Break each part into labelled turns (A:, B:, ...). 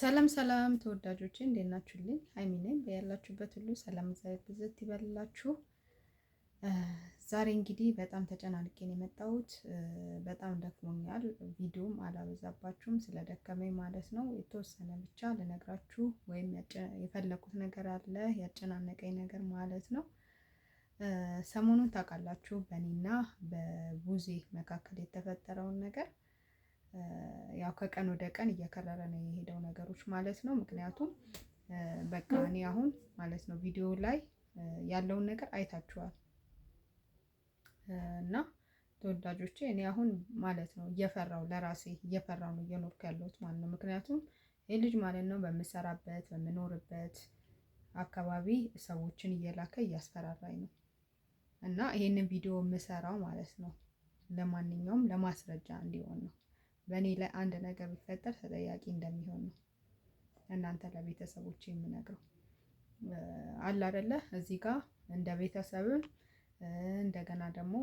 A: ሰላም ሰላም ተወዳጆቼ እንዴት ናችሁልኝ? ሀይሚ ነኝ። በያላችሁበት ሁሉ ሰላም እግዚአብሔር ብዝት ይበላችሁ። ዛሬ እንግዲህ በጣም ተጨናንቄ ነው የመጣሁት። በጣም ደክሞኛል። ቪዲዮም አላበዛባችሁም ስለደከመኝ ማለት ነው። የተወሰነ ብቻ ልነግራችሁ ወይም የፈለኩት ነገር አለ ያጨናነቀኝ ነገር ማለት ነው። ሰሞኑን ታውቃላችሁ በእኔና በቡዜ መካከል የተፈጠረውን ነገር ያው ከቀን ወደ ቀን እየከረረ ነው የሄደው ነገሮች ማለት ነው። ምክንያቱም በቃ እኔ አሁን ማለት ነው ቪዲዮ ላይ ያለውን ነገር አይታችኋል እና ተወዳጆቼ እኔ አሁን ማለት ነው እየፈራው ለራሴ እየፈራው ነው እየኖርኩ ያለሁት ማለት ነው። ምክንያቱም ይህ ልጅ ማለት ነው በምሰራበት በምኖርበት አካባቢ ሰዎችን እየላከ እያስፈራራኝ ነው እና ይሄንን ቪዲዮ የምሰራው ማለት ነው ለማንኛውም ለማስረጃ እንዲሆን ነው። በእኔ ላይ አንድ ነገር ቢፈጠር ተጠያቂ እንደሚሆን ነው እናንተ ለቤተሰቦች የምነግረው። አለ አይደለ እዚህ ጋር እንደ ቤተሰብም እንደገና ደግሞ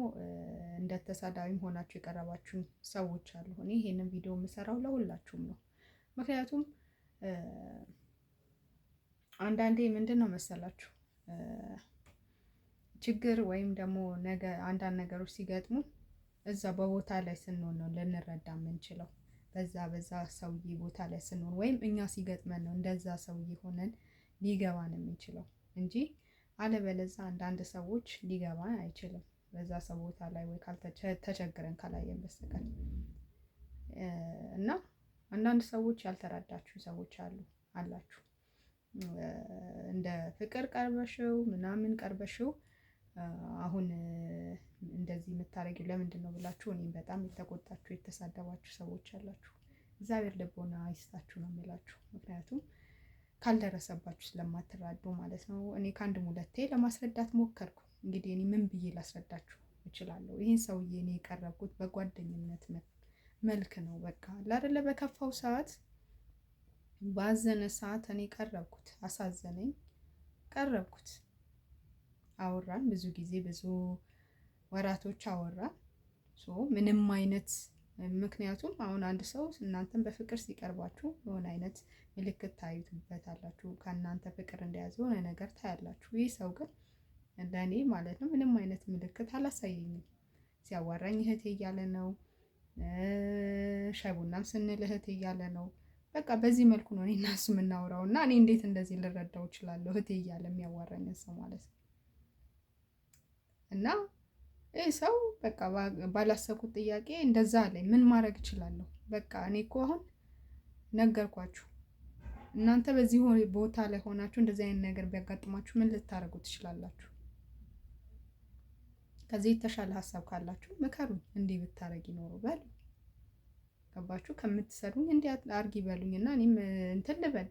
A: እንደ ተሳዳቢም ሆናችሁ የቀረባችሁ ሰዎች አሉ። እኔ ይሄንን ቪዲዮ የምሰራው ለሁላችሁም ነው። ምክንያቱም አንዳንዴ ምንድን ነው መሰላችሁ ችግር ወይም ደግሞ ነገ አንዳንድ ነገሮች ሲገጥሙ እዛ በቦታ ላይ ስንሆን ነው ልንረዳ የምንችለው። በዛ በዛ ሰውዬ ቦታ ላይ ስንሆን ወይም እኛ ሲገጥመን ነው እንደዛ ሰውዬ ሆነን ሊገባን የምንችለው እንጂ አለበለዛ አንዳንድ ሰዎች ሊገባ አይችልም። በዛ ሰው ቦታ ላይ ወይ ተቸግረን ካላየን በስተቀር እና አንዳንድ ሰዎች ያልተረዳችሁ ሰዎች አሉ አላችሁ እንደ ፍቅር ቀርበሽው ምናምን ቀርበሽው አሁን እንደዚህ የምታደርጊው ለምንድን ነው ብላችሁ እኔም በጣም የተቆጣችሁ የተሳደባችሁ ሰዎች አላችሁ። እግዚአብሔር ልቦና አይስጣችሁ ነው የምላችሁ። ምክንያቱም ካልደረሰባችሁ ስለማትራዱ ማለት ነው። እኔ ከአንድም ሁለቴ ለማስረዳት ሞከርኩ። እንግዲህ እኔ ምን ብዬ ላስረዳችሁ እችላለሁ? ይህን ሰውዬ እኔ የቀረብኩት በጓደኝነት መልክ ነው። በቃ ላደለ በከፋው ሰዓት፣ ባዘነ ሰዓት እኔ ቀረብኩት። አሳዘነኝ፣ ቀረብኩት አወራን፣ ብዙ ጊዜ ብዙ ወራቶች አወራን። ምንም አይነት ምክንያቱም አሁን አንድ ሰው እናንተን በፍቅር ሲቀርባችሁ የሆነ አይነት ምልክት ታዩትበታላችሁ። ከእናንተ ፍቅር እንደያዘ የሆነ ነገር ታያላችሁ። ይህ ሰው ግን ለእኔ ማለት ነው ምንም አይነት ምልክት አላሳየኝም። ሲያዋራኝ እህቴ እያለ ነው፣ ሻይ ቡናም ስንል እህቴ እያለ ነው። በቃ በዚህ መልኩ ነው እኔ እና እሱ የምናወራው እና እኔ እንዴት እንደዚህ ልረዳው እችላለሁ? እህቴ እያለ የሚያዋራኝ ሰው ማለት ነው። እና ይህ ሰው በቃ ባላሰብኩት ጥያቄ እንደዛ አለኝ። ምን ማድረግ እችላለሁ? በቃ እኔ እኮ አሁን ነገርኳችሁ። እናንተ በዚህ ቦታ ላይ ሆናችሁ እንደዚህ አይነት ነገር ቢያጋጥማችሁ ምን ልታደርጉ ትችላላችሁ? ከዚህ የተሻለ ሀሳብ ካላችሁ ምከሩኝ፣ እንዲህ ብታደረግ ይኖሩ በሉ ገባችሁ? ከምትሰሩኝ እንዲህ አርግ ይበሉኝ እና እኔም እንትን ልበል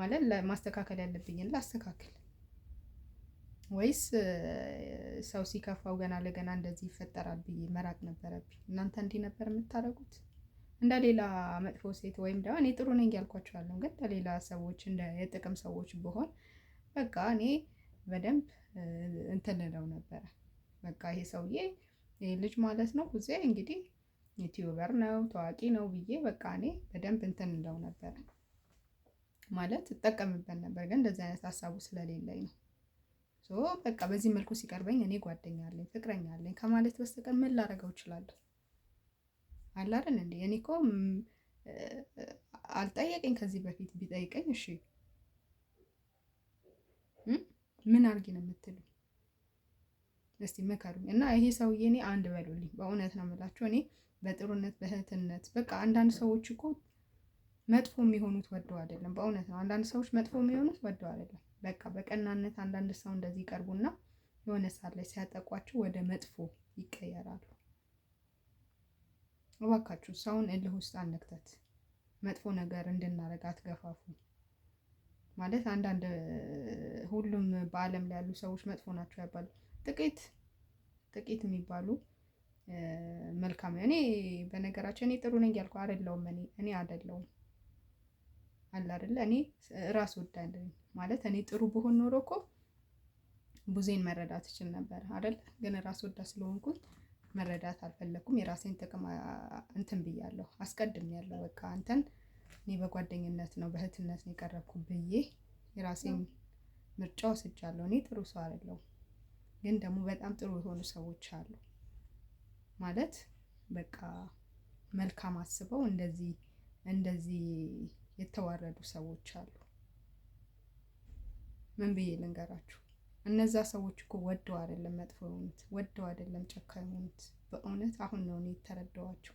A: ማለት ማስተካከል ያለብኝን ላስተካክል። ወይስ ሰው ሲከፋው ገና ለገና እንደዚህ ይፈጠራል ብዬ መራቅ ነበረብኝ። እናንተ እንዲህ ነበር የምታደርጉት? እንደ ሌላ መጥፎ ሴት ወይም ደግሞ እኔ ጥሩ ነኝ ያልኳቸዋለሁ፣ ግን እንደሌላ ሰዎች እንደ የጥቅም ሰዎች ብሆን በቃ እኔ በደንብ እንትንለው ነበረ። በቃ ይሄ ሰውዬ ይሄ ልጅ ማለት ነው ሁዜ እንግዲህ ዩቲዩበር ነው ታዋቂ ነው ብዬ በቃ እኔ በደንብ እንትንለው እለው ነበረ ማለት እጠቀምበት ነበር። ግን እንደዚህ አይነት ሀሳቡ ስለሌለኝ ነው በቃ በዚህ መልኩ ሲቀርበኝ እኔ ጓደኛ አለኝ ፍቅረኛ አለኝ ከማለት በስተቀር ምን ላደርገው እችላለሁ? አላረን እንዴ እኔ እኮ አልጠየቀኝ ከዚህ በፊት ቢጠይቀኝ እሺ ምን አርጊ ነው የምትሉ? እስቲ መከሩኝ እና ይሄ ሰውዬ እኔ አንድ በሉልኝ። በእውነት ነው የምላችሁ እኔ በጥሩነት በእህትነት በቃ አንዳንድ ሰዎች እኮ መጥፎ የሚሆኑት ወደው አይደለም። በእውነት ነው። አንዳንድ ሰዎች መጥፎ የሚሆኑት ወደው አይደለም። በቃ በቀናነት አንዳንድ ሰው እንደዚህ ይቀርቡና የሆነ ሰዓት ላይ ሲያጠቋቸው ወደ መጥፎ ይቀየራሉ። እባካችሁ ሰውን እልህ ውስጥ አንክተት። መጥፎ ነገር እንድናደርግ አትገፋፉ። ማለት አንዳንድ ሁሉም በዓለም ላይ ያሉ ሰዎች መጥፎ ናቸው ያባሉ ጥቂት ጥቂት የሚባሉ መልካም እኔ በነገራችን እኔ ጥሩ ነኝ ያልኩ አይደለሁም። እኔ እኔ አይደለሁም አለ አይደለ እኔ ራስ ወዳለሁ ማለት እኔ ጥሩ ብሆን ኖሮ እኮ ብዙን መረዳት እችል ነበር አይደል ግን ራስ ወዳድ ስለሆንኩኝ መረዳት አልፈለኩም የራሴን ጥቅም እንትን ብያለሁ ያለው በቃ አንተን እኔ በጓደኝነት ነው በእህትነት ነው የቀረብኩ ብዬ የራሴን ምርጫ ወስጃለሁ እኔ ጥሩ ሰው አይደለሁም ግን ደግሞ በጣም ጥሩ የሆኑ ሰዎች አሉ ማለት በቃ መልካም አስበው እንደዚህ እንደዚህ የተዋረዱ ሰዎች አሉ። ምን ብዬ ልንገራችሁ? እነዛ ሰዎች እኮ ወደው አይደለም መጥፎ የሆኑት፣ ወደው አይደለም ጨካ የሆኑት። በእውነት አሁን ነው እኔ የተረዳኋቸው፣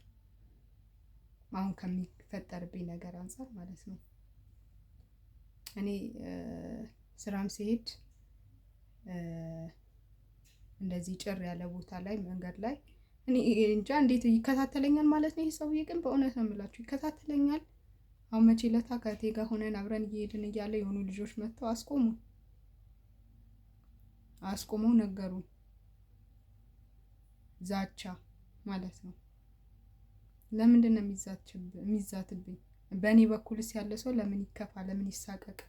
A: አሁን ከሚፈጠርብኝ ነገር አንጻር ማለት ነው። እኔ ስራም ሲሄድ እንደዚህ ጭር ያለ ቦታ ላይ መንገድ ላይ እኔ እንጃ እንዴት ይከታተለኛል ማለት ነው። ይህ ሰውዬ ግን በእውነት ነው የምላችሁ ይከታተለኛል አሁን መቼ ለታ ከእቴ ጋር ሆነን አብረን እየሄድን እያለ የሆኑ ልጆች መጥተው አስቆሙ አስቆመው ነገሩን ዛቻ ማለት ነው። ለምንድን ነው የሚዛትብኝ? በእኔ በኩልስ ያለ ሰው ለምን ይከፋ? ለምን ይሳቀቅ?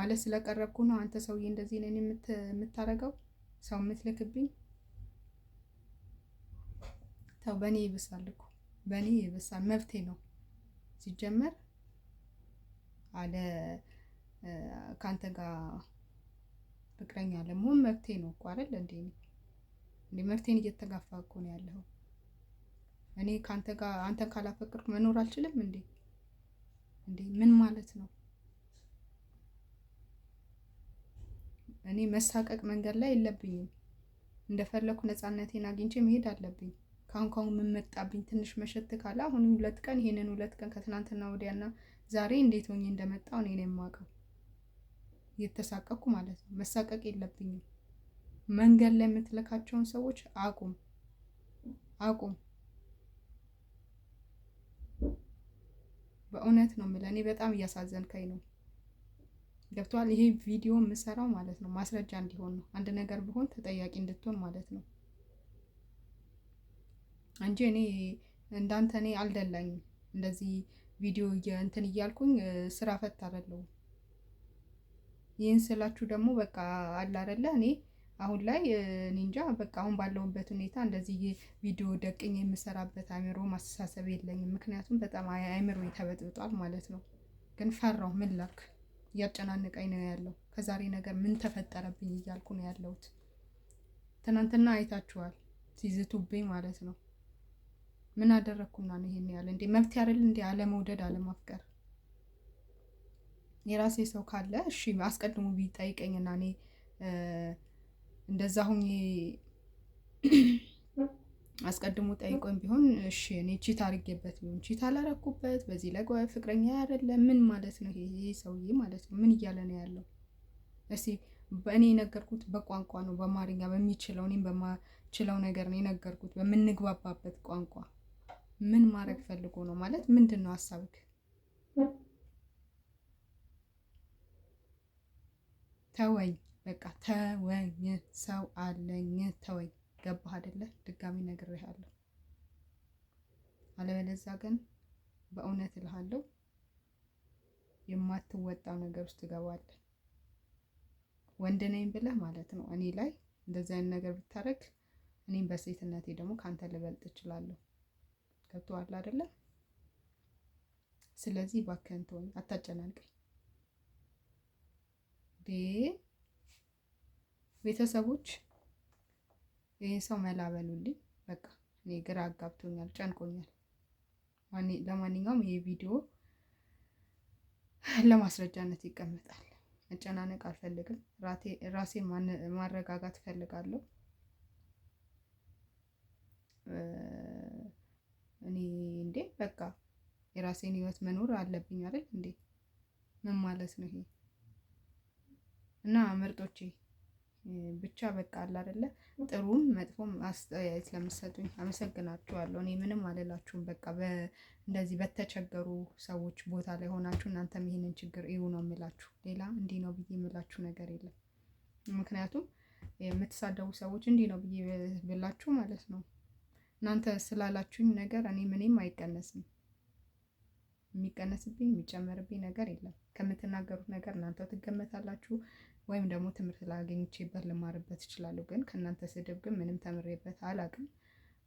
A: ማለት ስለቀረብኩ ነው አንተ ሰውዬ እንደዚህ ነን የምታረገው ሰው የምትልክብኝ? ተው በእኔ ይብሳልኩ። በእኔ በሳ መብቴ ነው። ሲጀመር አለ ከአንተ ጋር ፍቅረኛ ለመሆን መብቴ ነው እኮ አይደል እንዴ? እንዴ መብቴን እየተጋፋ እኮ ነው ያለው። እኔ ከአንተ ጋር አንተን ካላፈቅርኩ መኖር አልችልም እንዴ? እንዴ ምን ማለት ነው? እኔ መሳቀቅ መንገድ ላይ የለብኝም። እንደፈለኩ ነፃነቴን አግኝቼ መሄድ አለብኝ። ምን የምመጣብኝ ትንሽ መሸት ካለ አሁን ሁለት ቀን ይሄንን ሁለት ቀን ከትናንትና ወዲያና ዛሬ እንዴት ሆኜ እንደመጣው እኔ ነው የማውቀው። እየተሳቀቅኩ ማለት ነው። መሳቀቅ የለብኝም። መንገድ ላይ የምትልካቸውን ሰዎች አቁም አቁም። በእውነት ነው የምልህ። እኔ በጣም እያሳዘንከኝ ነው። ገብቶሃል? ይሄ ቪዲዮ የምሰራው ማለት ነው ማስረጃ እንዲሆን ነው። አንድ ነገር ብሆን ተጠያቂ እንድትሆን ማለት ነው። እንጂ እኔ እንዳንተ እኔ አልደላኝ እንደዚህ ቪዲዮ እንትን እያልኩኝ ስራ ፈት አይደለሁም። ይህን ስላችሁ ደግሞ በቃ አለ እኔ አሁን ላይ ኒንጃ በቃ አሁን ባለውበት ሁኔታ እንደዚህ ቪዲዮ ደቅኝ የምሰራበት አይምሮ ማስተሳሰብ የለኝም። ምክንያቱም በጣም አይምሮ ተበጥብጧል ማለት ነው። ግን ፈራው ምን ላክ እያጨናነቀኝ ነው ያለው። ከዛሬ ነገር ምን ተፈጠረብኝ እያልኩ ነው ያለሁት። ትናንትና አይታችኋል ሲዝቱብኝ ማለት ነው። ምን አደረግኩና ነው ይሄን ያለ እንዴ? መብት ያደል እንዴ? አለመውደድ አለማፍቀር። የራሴ ሰው ካለ እሺ አስቀድሞ ቢጠይቀኝና እኔ እንደዛ ሁኜ አስቀድሞ ጠይቆኝ ቢሆን እሺ እኔ ቺት አድርጌበት ቢሆን ቺት አላረኩበት በዚህ ላይ ፍቅረኛ ያደለ ምን ማለት ነው? ይሄ ሰውዬ ማለት ነው ምን እያለ ነው ያለው? እስኪ በእኔ የነገርኩት በቋንቋ ነው፣ በአማርኛ በሚችለው እኔም በማችለው ነገር ነው የነገርኩት፣ በምንግባባበት ቋንቋ ምን ማድረግ ፈልጎ ነው ማለት ምንድን ነው ሀሳብክ? ተወኝ በቃ ተወኝ፣ ሰው አለኝ ተወኝ። ገባህ አይደለ? ድጋሚ ነግሬሃለሁ። አለበለዚያ ግን በእውነት እልሃለሁ የማትወጣው ነገር ውስጥ ትገባለህ። ወንድ ነኝ ብለህ ማለት ነው እኔ ላይ እንደዚህ አይነት ነገር ብታደርግ እኔም በሴትነቴ ደግሞ ከአንተ ልበልጥ እችላለሁ። ገብቶሃል አይደለ? ስለዚህ እባክህን ተወኝ፣ አታጨናንቀኝ። ቤተሰቦች ይህን ሰው መላ በሉልኝ። በቃ እኔ ግራ አጋብቶኛል፣ ጨንቆኛል። ለማንኛውም ይህ ቪዲዮ ለማስረጃነት ይቀመጣል። መጨናነቅ አልፈልግም። ራሴ ማረጋጋት እፈልጋለሁ። እኔ እንዴ በቃ የራሴን ህይወት መኖር አለብኝ አይደል እንዴ? ምን ማለት ነው ይሄ? እና ምርጦቼ ብቻ በቃ አለ አይደለ ጥሩም መጥፎም አስተያየት ለምትሰጡኝ አመሰግናችኋለሁ። እኔ ምንም አልላችሁም። በቃ እንደዚህ በተቸገሩ ሰዎች ቦታ ላይ ሆናችሁ እናንተም ይሄንን ችግር እዩ ነው የምላችሁ። ሌላ እንዲህ ነው ብዬ የምላችሁ ነገር የለም። ምክንያቱም የምትሳደቡ ሰዎች እንዲህ ነው ብዬ ብላችሁ ማለት ነው እናንተ ስላላችሁኝ ነገር እኔ ምንም አይቀነስም። የሚቀነስብኝ የሚጨመርብኝ ነገር የለም። ከምትናገሩት ነገር እናንተ ትገመታላችሁ ወይም ደግሞ ትምህርት ላገኝቼበት ልማርበት እችላለሁ። ግን ከእናንተ ስድብ ግን ምንም ተምሬበት አላቅም።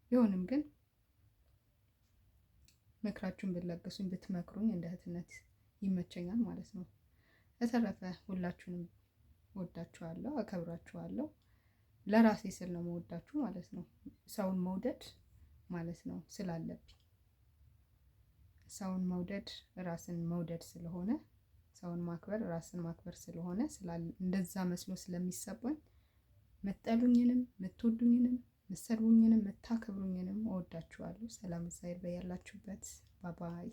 A: ቢሆንም ግን ምክራችሁን ብትለግሱኝ ብትመክሩኝ እንደ እህትነት ይመቸኛል ማለት ነው። በተረፈ ሁላችሁንም ወዳችኋለሁ፣ አከብራችኋለሁ። ለራሴ ስል ነው መወዳችሁ ማለት ነው። ሰውን መውደድ ማለት ነው ስላለብኝ ሰውን መውደድ ራስን መውደድ ስለሆነ ሰውን ማክበር ራስን ማክበር ስለሆነ እንደዛ መስሎ ስለሚሰባኝ መጠሉኝንም ምትወዱኝንም ምሰድቡኝንም ምታከብሩኝንም እወዳችኋለሁ። ሰላም እግዚአብሔር በያላችሁበት ባባይ